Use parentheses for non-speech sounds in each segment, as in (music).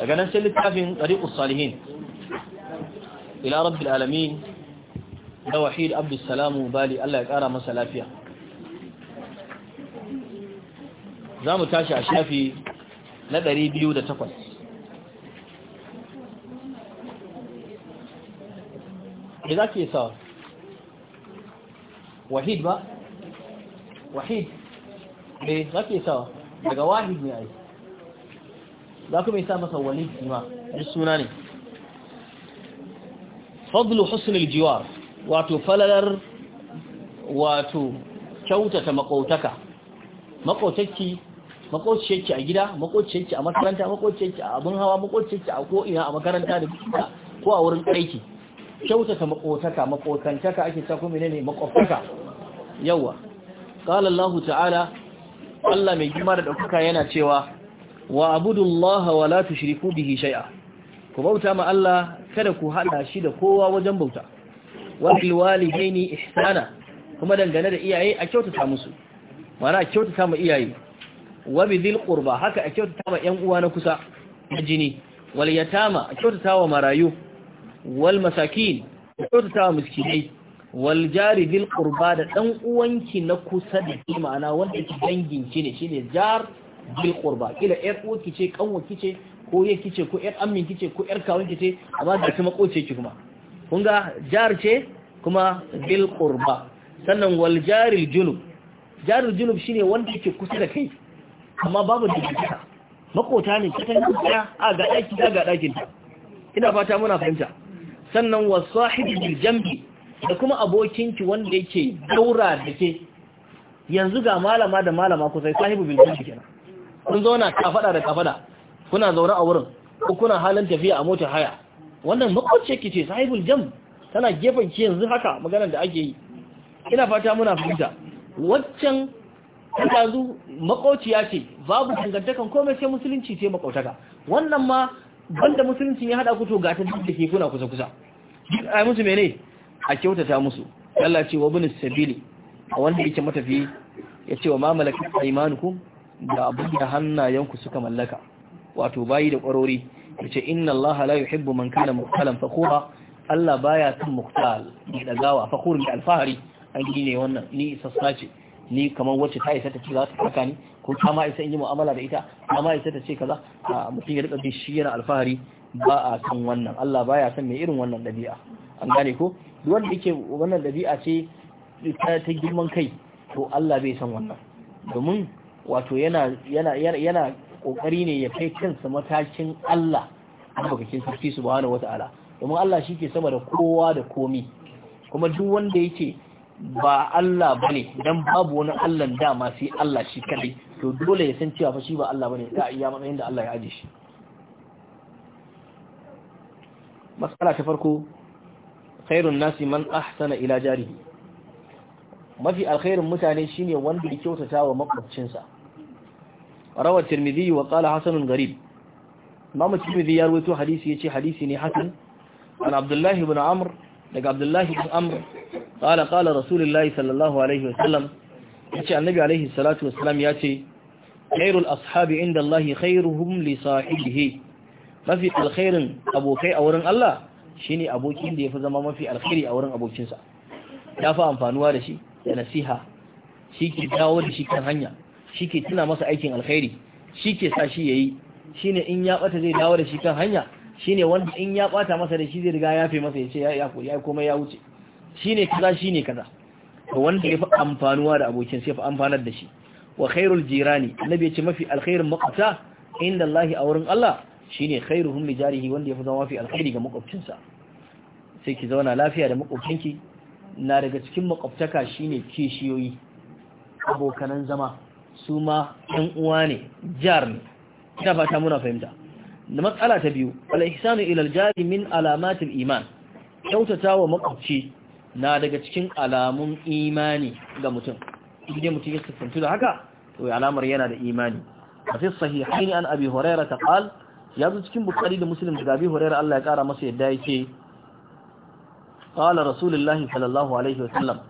لكن أنا سألت طريق الصالحين إلى رب العالمين يا وحيد عبد السلام وبالي الله يكارى مسألة فيها زامو تاشي أشافي لدري بيودة تقل إذا كي صار وحيد ما وحيد إيه ذا كي صار لقى واحد من أيه za kuma isa masa wani ma duk suna ne fadlu husnul jiwar wato falalar wato kyautata makautaka makautarki makociyarki a gida makociyarki a makaranta makociyarki a abin hawa makociyarki a ko'ina a makaranta da kuka ko a wurin aiki kyautata makotaka makotantaka ake ta kuma ne ne makoftaka yawa qala Allah ta'ala Allah mai girma da ɗaukuka yana cewa wa abudullaha wa la tushriku bihi shay'a ku bauta ma Allah kada ku hada shi da kowa wajen bauta wa bil walidaini ihsana kuma dangane da iyaye a kyautata musu mana a kyautata ma iyaye wa bidhil qurba haka a kyautata ma yan uwa na kusa na jini wal yatama a kyautata wa marayu wal masakin a kyautata wa miskinai wal jari dhil qurba da dan uwanki na kusa da na wanda ke dangin shi ne shine jar bil qurba kila yar uwarki ce kanwa kice ko yar kice ko yar ammin kice ko yar kawun kice amma da kuma koce ki kuma kun ga jar ce kuma bil qurba sannan wal jaril junub jaril junub shine wanda yake kusa da kai amma babu dukkan makota ne katan kusa a ga daki ga dakin ta ina fata muna fahimta sannan wa sahibi bil jambi da kuma abokinki wanda yake daura da ke yanzu ga malama da malama sai sahibu bil jambi kenan kun zauna kafada da kafada kuna zaune a wurin ko kuna halin tafiya a motar haya wannan makwabce ki ce sahibul jam tana gefen ki yanzu haka maganar da ake yi ina fata muna fahimta waccan ta zu makwabciya ce babu dangantakan komai sai musulunci ce makwataka wannan ma banda musulunci ya hada ku to ta duk ke kuna kusa kusa ai musu mene a kyautata musu Allah ce wa bin sabili wanda yake matafi ya ce wa ma malakat aymanukum da abin da hannayenku suka mallaka wato bayi da ƙwarori ya ce inna allaha la yuhibbu man kana muktalan fakhura Allah baya kan muktal mai dagawa fakhur mai alfahari an gini ne wannan ni sassa ce ni kamar wacce ta isa ta ce za ta saka ni ko ta ma isa in yi mu'amala da ita ta ma isa ta ce kaza a mutum ya rika shi yana alfahari ba a kan wannan Allah baya san mai irin wannan dabi'a an gane ko duk wanda yake wannan dabi'a ce ta girman kai to Allah bai san wannan domin wato yana kokari ne ya kai kansa matakin Allah abokakin sarki subhanahu wata'ala domin Allah shi ke sama da kowa da komi kuma duk wanda yake ba Allah bane dan babu wani Allah dama sai Allah shi kadai to dole ya san cewa fa shi ba Allah bane da iya matsayin da Allah ya aje shi matsala ta farko khairun nasi man ahsana ila jarihi mafi alkhairin mutane shine wanda ya kyautata wa makwabcinsa rawa tirmidhi wa qala hasanun gharib imam tirmidhi ya rawaito hadisi yace hadisi ne hasan an abdullahi ibn amr daga abdullahi ibn amr qala qala rasulullahi sallallahu alaihi wasallam yace annabi alaihi salatu wasallam yace khairul ashabi inda allahi khairuhum li sahibihi mafi alkhairin abokai a wurin Allah shine abokin da yafi zama mafi alkhairi a wurin abokinsa ya fa amfanuwa da shi da nasiha shi ke dawo da shi kan hanya shi ke tuna masa aikin alkhairi shi ke sa shi ya yi shi ne in ya bata zai dawo da shi kan hanya shi ne wanda in ya bata masa da shi zai riga ya fi masa ya ce ya yi komai ya wuce shi ne kaza shi ne kaza wanda ya fi amfanuwa da abokin sai fi amfanar da shi wa khairul jirani annabi ya ce mafi alkhairin makwabta inda Allah a wurin Allah shine khairuhum li jarihi wanda yafi zama mafi alkhairi ga makwabcinsa sai ki zauna lafiya da makwabcinki na daga cikin makwabtaka shine kishiyoyi abokanan zama su ma ɗan uwa ne jar ne ina fata muna fahimta da matsala ta biyu alaihisanu ihsanu jari min alamatin iman kyautata wa makwabci na daga cikin alamun imani ga mutum idan mutum ya siffantu da haka to alamar yana da imani a fi sahihaini an abi horaira ta qal ya zo cikin bukari da musulun daga abi horaira Allah ya kara masa yadda ya yake qala rasulullahi sallallahu alaihi wasallam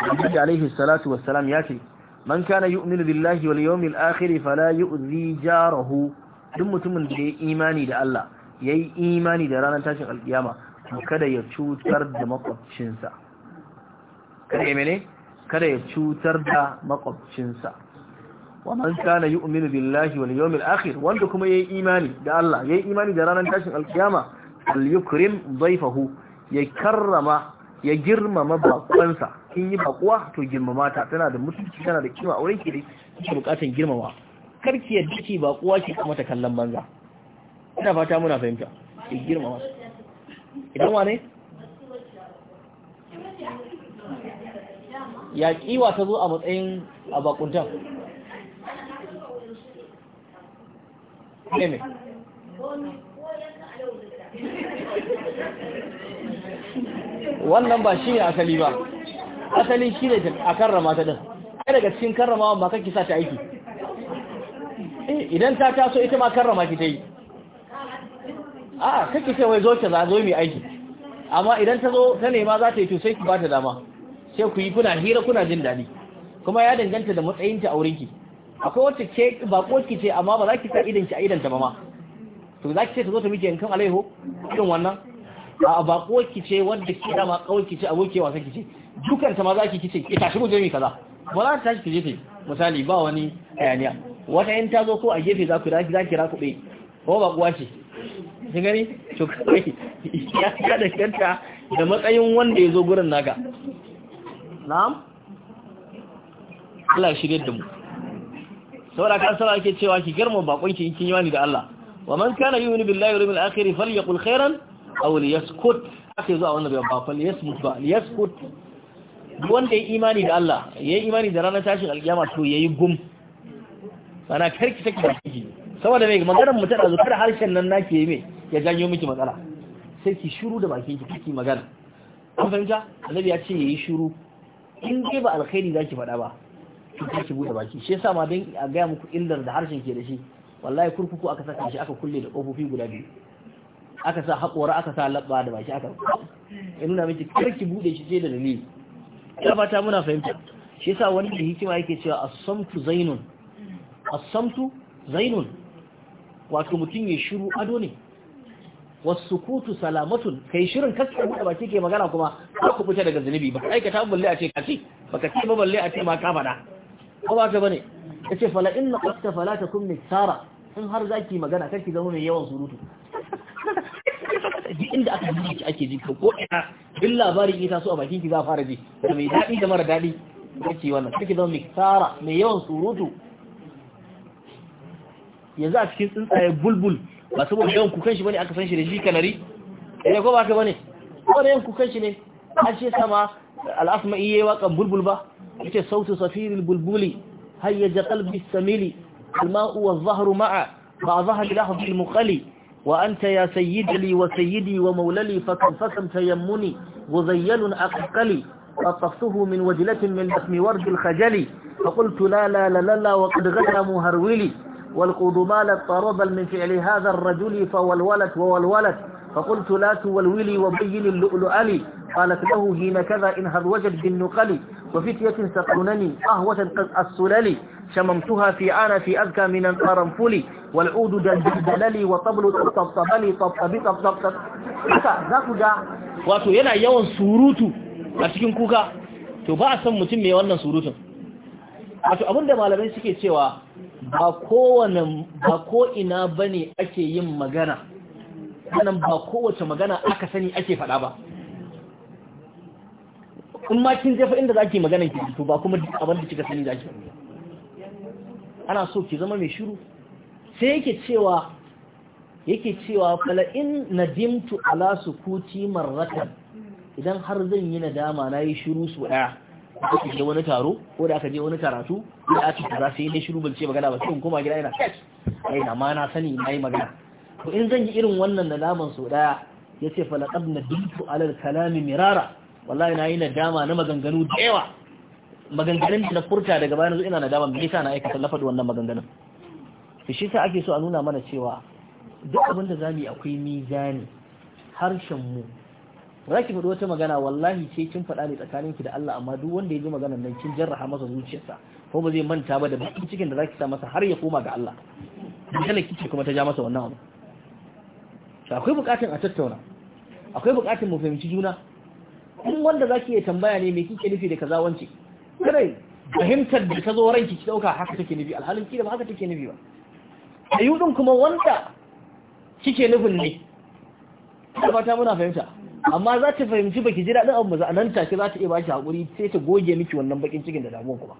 annabi alaihi salatu wassalam ya ce man kana yu'minu billahi wal yawmil akhir fala yu'zi jarahu duk mutumin da ya imani da Allah yayi imani da ranar tashin alkiyama kada ya cutar da makwabcinsa kada ya mene kada ya cutar da makwabcinsa wa man kana yu'minu billahi wal yawmil akhir wanda kuma yayi imani da Allah yayi imani da ranar tashin alkiyama falyukrim dhayfahu ya karrama ya girmama bakonsa kin yi bakuwa to girmama ta tana da mutunci tana da kima auren ki da kike bukatun girmama kar ki yadda ki bakuwa ki kuma ta kallon banza ina fata muna fahimta ki girmama idan wane ya kiwa ta zo a matsayin a bakuntan ne ne wannan ba shi ne asali ba asali shi ne a karrama ta ɗin ai daga cikin karramawa ba kake sa ta aiki eh, idan ta taso ita ma karrama ki ta yi a kake sai wai zo ki za zo mai aiki amma idan ta zo ta nema za ta yi to sai ki ba ta dama sai ku yi kuna hira kuna jin daɗi kuma ya danganta da matsayinta a wurin ki akwai wacce ke ba ce amma ba za ki sa idan ki a idan ta ba ma to za ki ce ta zo ta miki yankan alaiho irin wannan a bakuwar kice wanda ke da kawai kice ce abokewa sai ki ce dukan ta ma za ki kice ki tashi mu jami kaza ba za ta tashi ki je misali ba wani hayaniya wata in ta zo ko a gefe za ku da za ki rakuɓe ko ba kuwa ce kin gani to ya ka da kanta da matsayin wanda ya zo gurin naka na'am Allah ya shirye da mu saboda ka sara ke cewa ki girma bakon ki in kin yi wani da Allah wa man kana yu'minu billahi wal yawmil akhir falyaqul khairan aw liyaskut aka zuwa wannan bayan ba fa liyasmut ba liyaskut wanda ya imani da Allah ya yi imani da ranar tashin alkiyama to yayi gum ana karki take da kiji saboda mai maganar mu tana zuwa harshen nan nake yi mai ya janyo miki matsala sai ki shiru da bakin ki kike magana kun fahimta annabi ya ce yayi shiru in dai ba alkhairi zaki faɗa ba ki kike bude baki shi yasa ma dan a ga muku illar da harshen ke da shi wallahi kurkuku aka saka shi aka kulle da kofofi guda biyu aka sa haƙora aka sa labba da baki aka ya nuna miki karki bude shi ce da dalili ya fata muna fahimta shi yasa wani da hikima yake cewa a samtu zainun a samtu zainun wato mutum ya shiru ado ne wasu kutu salamatun kai shirin kaskar bude baki ke magana kuma ba ku fita daga zunubi ba aikata balle a ce kaci ba baka ce ba balle a ce ma kama faɗa ko ba ta bane ce fala inna qasta fala takum tsara in har zaki magana ki zama mai yawan surutu duk inda aka ji ki ake ji ka ko ina duk labarin ya taso a bakin ki za fara ji da mai daɗi da mara daɗi kake wannan kake zama mai mai yawan surutu yanzu a cikin tsuntsaye bulbul ba saboda yawan kukan shi bane aka san shi da shi kanari eh ko ba ka bane ko da yawan kukan shi ne an ce sama al-asma'i yayi waƙan bulbul ba yace sautu safiril bulbuli hayyaja qalbi samili الماء والظهر معا بعضها للحظ المقلي وأنت يا سيد لي وسيدي فكم فكم تيمني غزيل أقلي أطفته من وجلة من لحم ورد الخجل فقلت لا لا لا لا وقد غدا مهرولي والقضمال اضطربل من فعل هذا الرجل فولولت وولولت فقلت لا تولولي وبين اللؤلؤلي قالت له حين كذا إن وجد بالنقل وفتية سقنني أهوة قد السلل شممتها في عانفي أذكى من القرنفل والعود دلدللي وطبل طبطبلي طبطبي طبطب wato yana yawan surutu a cikin kuka to ba a san mutum mai wannan surutun wato abinda malamai suke cewa ba kowane ba ko'ina bane ake yin magana ba kowace in ma kin jefa inda zaki magana ki to ba kuma abin da kika sani zaki ana so ki zama mai shiru sai yake cewa yake cewa kala in nadimtu ala sukuti marratan idan har zan yi nadama na yi shiru su daya ko ki je wani taro ko da aka je wani karatu da aka kaza sai ne shiru balce magana ba sai kuma gida ina ai na ma na sani nayi magana to in zan yi irin wannan nadaman su daya yace fala qad nadimtu ala al-kalami mirara wallahi na yi nadama na maganganu da yawa maganganun da na furta daga bayan zuwa ina nadama me sa na aikata lafadi wannan maganganun to shi sa ake so a nuna mana cewa duk abin da zamu yi akwai mizani harshen mu raki faɗi wata magana wallahi ce kin faɗa ne tsakanin ki da Allah amma duk wanda ya ji maganar nan kin jarraha masa zuciyarsa ko ba zai manta ba da bakin cikin da zaki sa masa har ya koma ga Allah kana kike kuma ta ja masa wannan abu to akwai bukatun a tattauna akwai bukatun mu fahimci juna in wanda zaki ya tambaya ne me kike nufi da kaza wance kare fahimtar da ta zo ranki ki dauka haka take nufi alhalin da ba haka take nufi ba ayyudin kuma wanda kike nufin ne ta muna fahimta amma za ta fahimci baki ji daɗin abu ba nan zata za ta iya baki hakuri sai ta goge miki wannan bakin cikin da damuwa kuma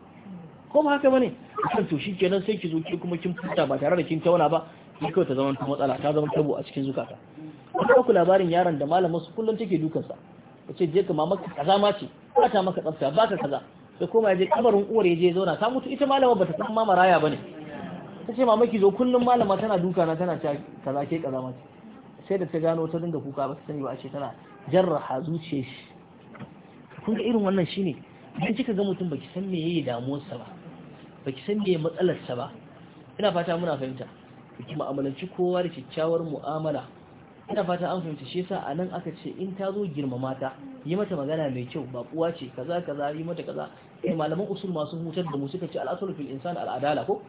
ko ba haka bane kan to shikenan sai ki zo ki kuma kin futa ba tare da kin tauna ba ki kawai ta zama matsala ta zama tabo a cikin zukata ko ku labarin yaron da malamin su kullun take dukansa sa ce je ka mamaka kaza ma ce ba ta maka tsafta ba ka kaza ya koma ya je kabarin uwar ya je zauna ta mutu ita malama bata san ma maraya bane ta ce mamaki zo kullum malama tana duka na tana ta kaza ke kaza mace sai da ta gano ta dinga kuka ba ta sani ba a ce tana jarraha zuciyar shi kun ga irin wannan shine idan kika ga mutum baki san me yayi damuwarsa ba baki san me matsalarsa ba ina fata muna fahimta ki mu'amalanci kowa da kyakkyawar mu'amala ina fata an fahimta shi yasa anan aka ce in ta zo girmama ta yi mata magana mai kyau ba kuwa ce kaza kaza yi mata kaza eh malaman usul masu hutar da mu suka ce al'asul fil insani al'adala ko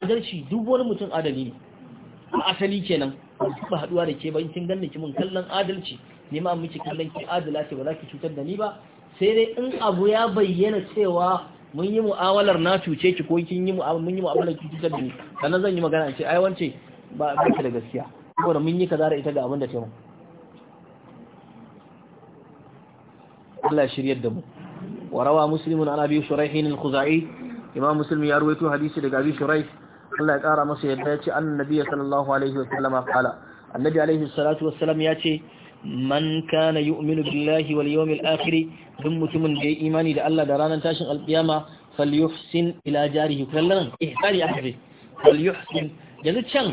adalci duk wani mutum adali ne a asali kenan ba haduwa da ke ba in kin ganni ki mun kallon adalci ne ma miki kallon ki adala ce ba za ki cutar da ni ba sai dai in abu ya bayyana cewa mun yi mu'amalar na cuce ki ko kin yi mu'amalar mun yi mu'amalar ki cutar da ni sannan zan yi magana ce ai wance ba ba ki da gaskiya saboda mun yi kaza da ita ga abin da ta mu Allah shiryar da mu وروى مسلم عن أبي شريح الخزاعي إمام مسلم يرويته حديث لك أبي شريح الله يقارى مصير يبدأ أن النبي صلى الله عليه وسلم قال النبي عليه الصلاة والسلام يأتي man kana yu'minu billahi wal yawmil akhir duk mutumin da ya imani da Allah da ranar tashin alkiyama falyuhsin ila jarihi kullun ihsani ahfi can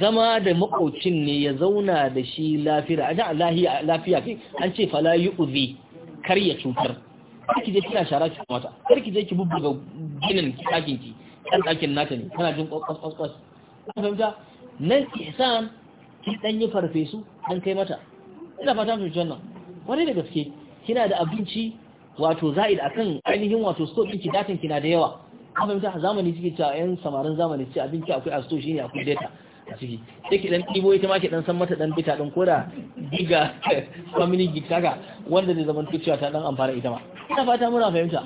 zama da makocin ne ya zauna da shi lafiya a lafiya kai an ce fala yu'zi kar ya cutar kar ki je kina shara ki mata kar ki je ki bubbuga ginin ɗakin ki kan dakin nata ne kana jin kwaskwas kwaskwas kun fahimta nan ki san ki dan yi farfesu dan kai mata ina fata mun ji wannan kwarai da gaske kina da abinci wato za'id akan ainihin wato stock ɗin ki datin kina da yawa kun fahimta zamani kike cewa yan samarin zamani ce abinci akwai a store shine akwai data a ciki sai ki dan ɗibo ita ma ke dan san mata dan bita din koda giga (laughs) family gig wanda zai zama cewa ta dan amfana ita ma ina fata muna fahimta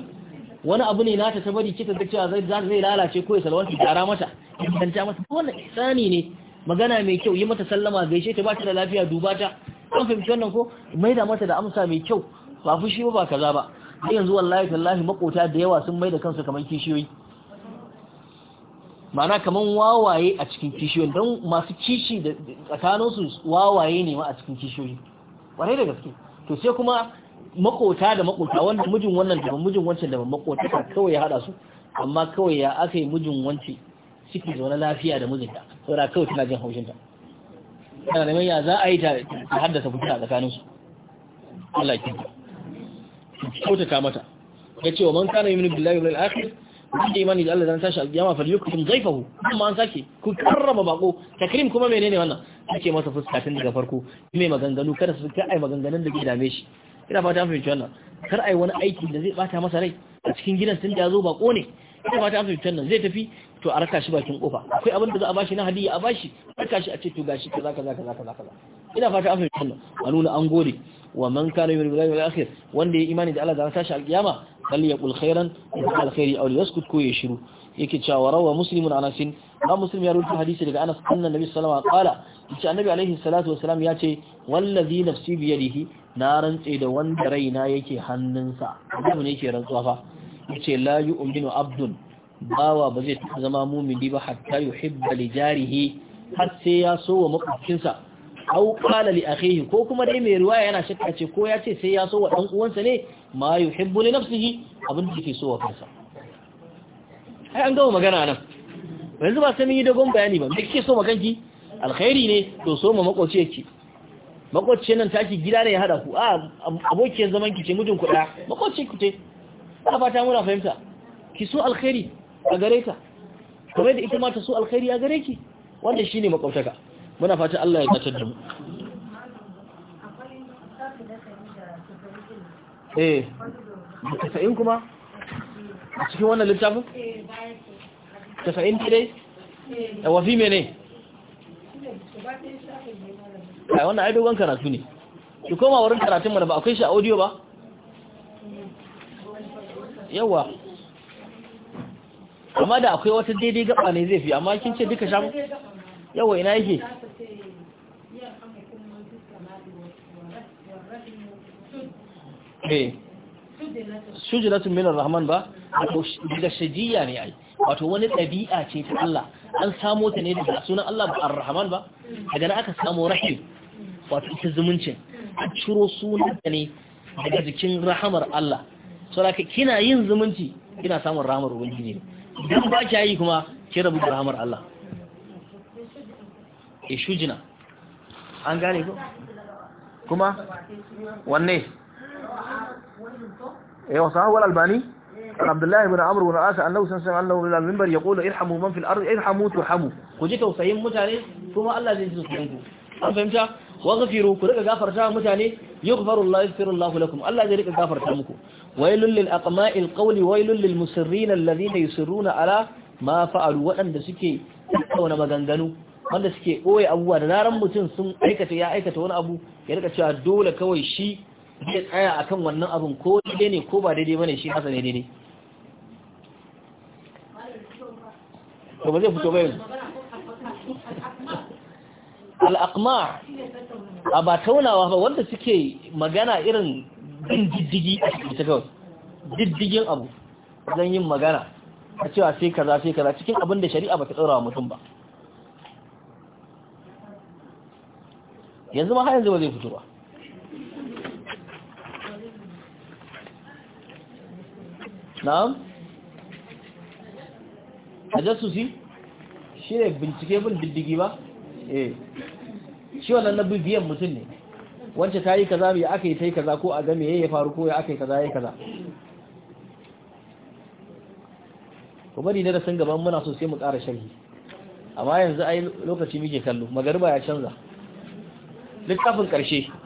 wani abu ne na ta bari kita da cewa zai lalace ko ya salwanta gyara mata idan ta mata wannan sani ne magana mai kyau yi mata sallama gaishe ta ba ta da lafiya duba ta kan fahimci wannan ko Mai da mata da amsa mai kyau ba fushi ba ba kaza ba har yanzu wallahi tallahi makota da yawa sun mai da kansu kamar kishiyoyi ma'ana kaman wawaye a cikin kishiyoyi don masu kishi da tsakaninsu wawaye ne ma a cikin kishiyoyi ƙwarai da gaske to sai kuma makota da makota wanda mijin wannan da mijin wancan da makota kawai ya hada su amma kawai ya aka yi mijin wanci da wani lafiya da mijinta saboda kawai tana jin haushinta yana neman ya za a yi ta haddasa fita a su Allah ya kyauta mata ya ce wa man kana yi min billahi wal akhir wanda imani da Allah zan tashi alkiyama fa yukrim zaifahu amma an sake ku karrama bako takrim kuma menene wannan ake masa fuska tun daga farko mai maganganu kada su kai maganganun da ke dame shi ina fata an fahimci wannan kar ai wani aiki da zai bata masa rai a cikin gidan tun da zo bako ne ina fata an fahimci wannan zai tafi to a raka shi bakin kofa akwai abin da za a bashi na hadiya a bashi raka shi a ce to gashi kaza kaza kaza kaza kaza ina fata an fahimci wannan a nuna an gode wa man kana yu'minu billahi akhir wanda ya imani da Allah da tashi alkiyama bal yaqul khairan alkhairi aw yaskut ko ya shiru yake cewa rawa muslimun anas ba muslim ya rubuta hadisi daga anas annabi sallallahu alaihi wasallam qala yace annabi alaihi salatu wasallam yace wallazi nafsi bi yadihi na rantse da wanda raina yake hannunsa mutum ne yake rantsuwa fa yace la yu'minu abdun bawa ba zai zama mumini ba hatta yuhibba li jarihi har sai ya so wa makwabcinsa au qala li akhihi ko kuma dai mai riwaya yana shakka ce ko ya ce sai ya so wa dan uwansa ne ma yuhibbu li nafsihi abin da ke so wa kansa ai an gama magana nan ba yanzu ba sai mun yi dogon bayani ba me kike so maganki? alkhairi ne to so ma makoci yake makoci nan ki gida ne ya hada ku a abokiyar zaman ki ce mijin ku da ku ce ana fata muna fahimta ki so alkhairi a gare ta kamar da ita ma ta so alkhairi a gare ki wanda shine makautaka muna fata Allah ya tsatar da mu eh tasa'in kuma a cikin wannan littafin tasa'in dai a wafi mene a wannan aidogon karatu ne ki koma wurin karatun mana ba akwai shi audio ba yawa amma da akwai wata daidai gaba ne zai fi amma kin ce duka shamu yawa ina yake eh sujudatu min rahman ba wato daga shajiya ne ai wato wani ɗabi'a ce ta Allah an samo ta ne daga sunan Allah ba ar-rahman ba daga na aka samo rahim wato ita zumuncin a ciro sunan ta ne daga jikin rahamar Allah saboda kina yin zumunci kina samun rahamar ubangiji ne idan ba ki yi kuma ki rabu da rahamar Allah ishujina e, shujina an gane ko kuma wanne ايوه صح هو الالباني عبد الله بن عمرو بن عاص انه سمع انه من المنبر يقول ارحموا من في الارض ارحموا ترحموا kuji tausayin mutane kuma Allah zai ji tausayin ku an fahimta waghfiru ku rika gafarta mutane yaghfirullahu yaghfirullahu lakum Allah zai rika gafarta muku waylul lil aqma'il qawli waylul lil musirrin alladhina yusirruna ala ma fa'alu suke tauna maganganu wanda suke ɓoye abubuwa da naran mutum sun aikata ya aikata wani abu ya rika cewa dole kawai shi zai tsaya a kan wannan abin ko daidai ne ko ba daidai bane shi hasa ne daidai to ba zai fito bayan yanzu al'aqma a ba taunawa ba wanda suke magana irin bin diddigi a cikin kawai diddigin abu zan yin magana a cewa sai kaza sai kaza cikin abin da shari'a ba ta ɗora mutum ba yanzu ma har yanzu ba zai fito ba na'am tajassusi shi ne bincike bin diddigi ba eh shi wannan na biyan mutum ne wance ta yi kaza bai aka yi ta yi kaza ko a ga me ya faru ko ya aka yi kaza ya kaza ko bari ne da san gaban muna so sai mu ƙara sharhi amma yanzu ai lokaci muke kallo magarba ya canza littafin ƙarshe